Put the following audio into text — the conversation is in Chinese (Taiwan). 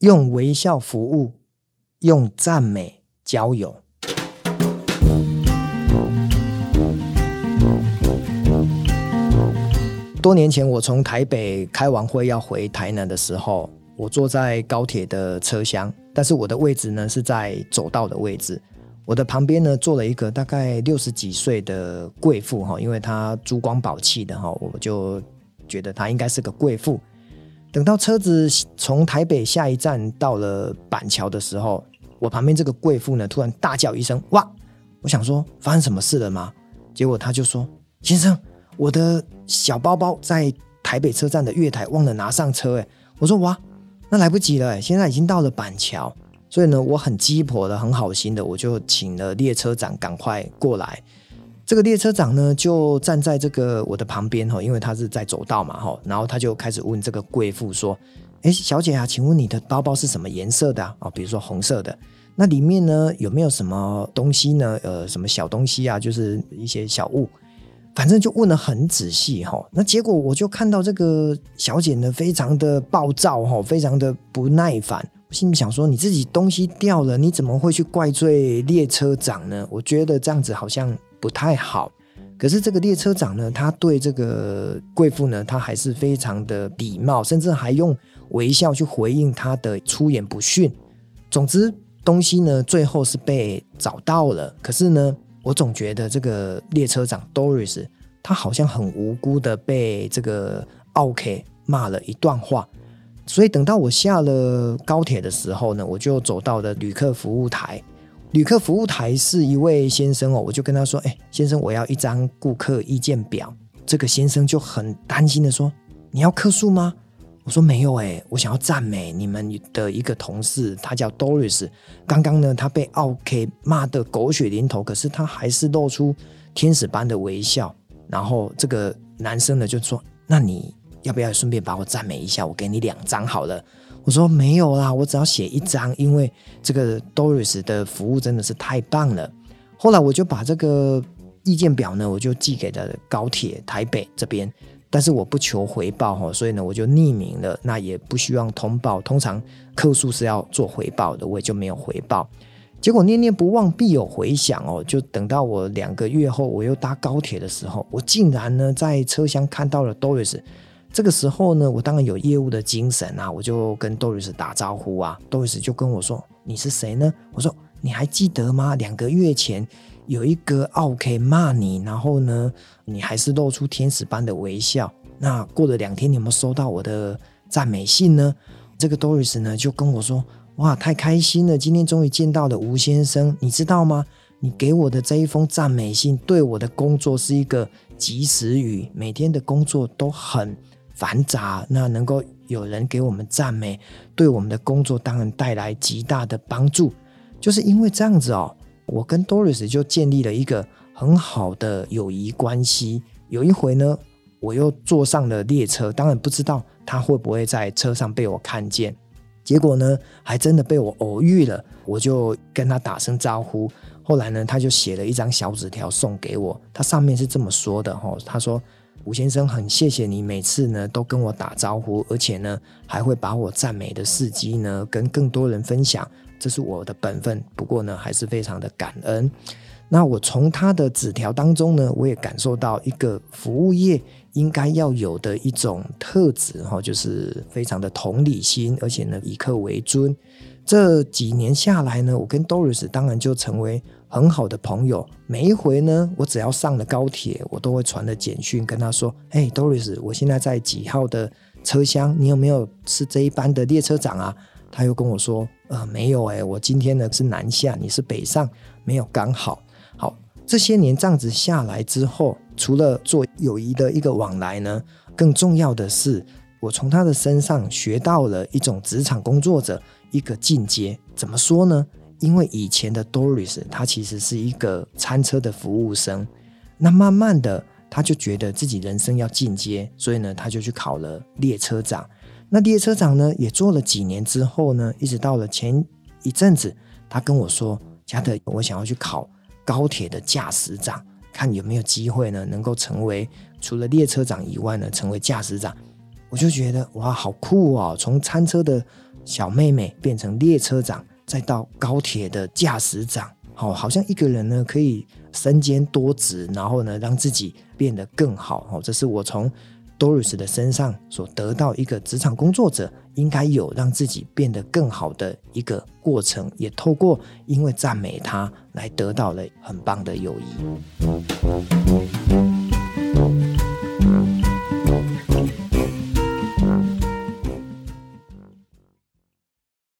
用微笑服務，用讚美交友。多年前，我從台北開完會要回台南的時候，我坐在高鐵的車廂，但是我的位置呢是在走道的位置。我的旁邊呢坐了一個大概六十幾歲的貴婦，哈，因為她珠光寶氣的，哈，我就覺得她應該是個貴婦。等到車子從台北下一站到了板橋的時候，我旁邊這個貴婦呢突然大叫一聲：“哇！”我想說，發生什麼事了嗎？結果他就說：“先生，我的小包包在台北車站的月台忘了拿上車。”哎，我說：“哇，那來不及了，現在已經到了板橋。”所以呢，我很雞婆的，很好心的，我就請了列車長趕快過來。這個列車長呢，就站在這個我的旁邊哈，因為他是在走道嘛哈，然後他就開始問這個貴婦說：“誒，小姐啊，請問你的包包是什麼顏色的啊？比如說紅色的，那裡面呢有沒有什麼東西呢？呃，什麼小東西啊？就是一些小物，反正就問的很仔細哈。那結果我就看到這個小姐呢，非常的暴躁哈，非常的不耐煩。我心裡想說，你自己東西掉了，你怎麼會去怪罪列車長呢？我覺得這樣子好像……不太好，可是這個列車長呢，他對這個貴婦呢，他還是非常的禮貌，甚至還用微笑去回應他的出言不遜。總之，東西呢最後是被找到了，可是呢，我總覺得這個列車長 Doris，他好像很無辜的被這個奧客罵了一段話。所以等到我下了高鐵的時候呢，我就走到了旅客服務台。旅客服務台是一位先生哦，我就跟他說：“哎、欸，先生，我要一張顧客意見表。”這個先生就很擔心的說：“你要客訴嗎？”我說：“沒有誒、欸，我想要讚美你們的一個同事，他叫 Doris。剛剛呢，他被 OK 罵得狗血淋頭，可是他還是露出天使般的微笑。然後這個男生呢，就說：那你。”要不要順便把我讚美一下？我給你兩張好了。我說沒有啦，我只要寫一張，因為這個 Doris 的服務真的是太棒了。後來我就把這個意見表呢，我就寄給了高鐵台北這邊，但是我不求回報哦，所以呢我就匿名了，那也不希望通報。通常客訴是要做回報的，我也就沒有回報。結果念念不忘必有回響哦，就等到我兩個月後我又搭高鐵的時候，我竟然呢在車廂看到了 Doris。這個時候呢，我當然有業務的精神啊，我就跟 Doris 打招呼啊。Doris 就跟我說：“你是誰呢？”我說：“你還記得嗎？兩個月前有一個 OK 罵你，然後呢，你還是露出天使般的微笑。那過了兩天，你有沒有收到我的讚美信呢？”這個 Doris 呢就跟我說：“哇，太開心了！今天終於見到了吳先生，你知道嗎？你給我的這一封讚美信，對我的工作是一個及時雨，每天的工作都很。”繁雜，那能夠有人給我們讚美，對我們的工作當然帶來極大的幫助。就是因為這樣子哦，我跟 Doris 就建立了一個很好的友誼關係。有一回呢，我又坐上了列車，當然不知道他會不會在車上被我看見。結果呢，還真的被我偶遇了，我就跟他打聲招呼。後來呢，他就寫了一張小紙條送給我，他上面是這麼說的哦，他說。吳先生，很謝謝你每次呢都跟我打招呼，而且呢還會把我讚美的事蹟呢跟更多人分享，這是我的本分。不過呢，還是非常的感恩。那我從他的紙條當中呢，我也感受到一個服務業應該要有的一種特質哈，就是非常的同理心，而且呢以客為尊。這幾年下來呢，我跟 Doris 當然就成為很好的朋友。每一回呢，我只要上了高鐵，我都會傳的簡訊跟他說：“哎，Doris，我現在在幾號的車廂？你有沒有是這一班的列車長啊？”他又跟我說：“呃，沒有誒，我今天呢是南下，你是北上，沒有剛好。”這些年這樣子下來之後，除了做友誼的一個往來呢，更重要的是，我從他的身上學到了一種職場工作者一個進階。怎麼說呢？因為以前的 Doris 他其實是一個餐車的服務生，那慢慢的他就覺得自己人生要進階，所以呢，他就去考了列車長。那列車長呢，也做了幾年之後呢，一直到了前一陣子，他跟我說：“家德，我想要去考。”高鐵的駕駛長，看有沒有機會呢？能夠成為除了列車長以外呢，成為駕駛長，我就覺得哇，好酷哦！從餐車的小妹妹變成列車長，再到高鐵的駕駛長，好，好像一個人呢可以身兼多職，然後呢讓自己變得更好哦。這是我從 Doris 的身上所得到一個職場工作者應該有讓自己變得更好的一個過程，也透過因為讚美他來得到了很棒的友誼。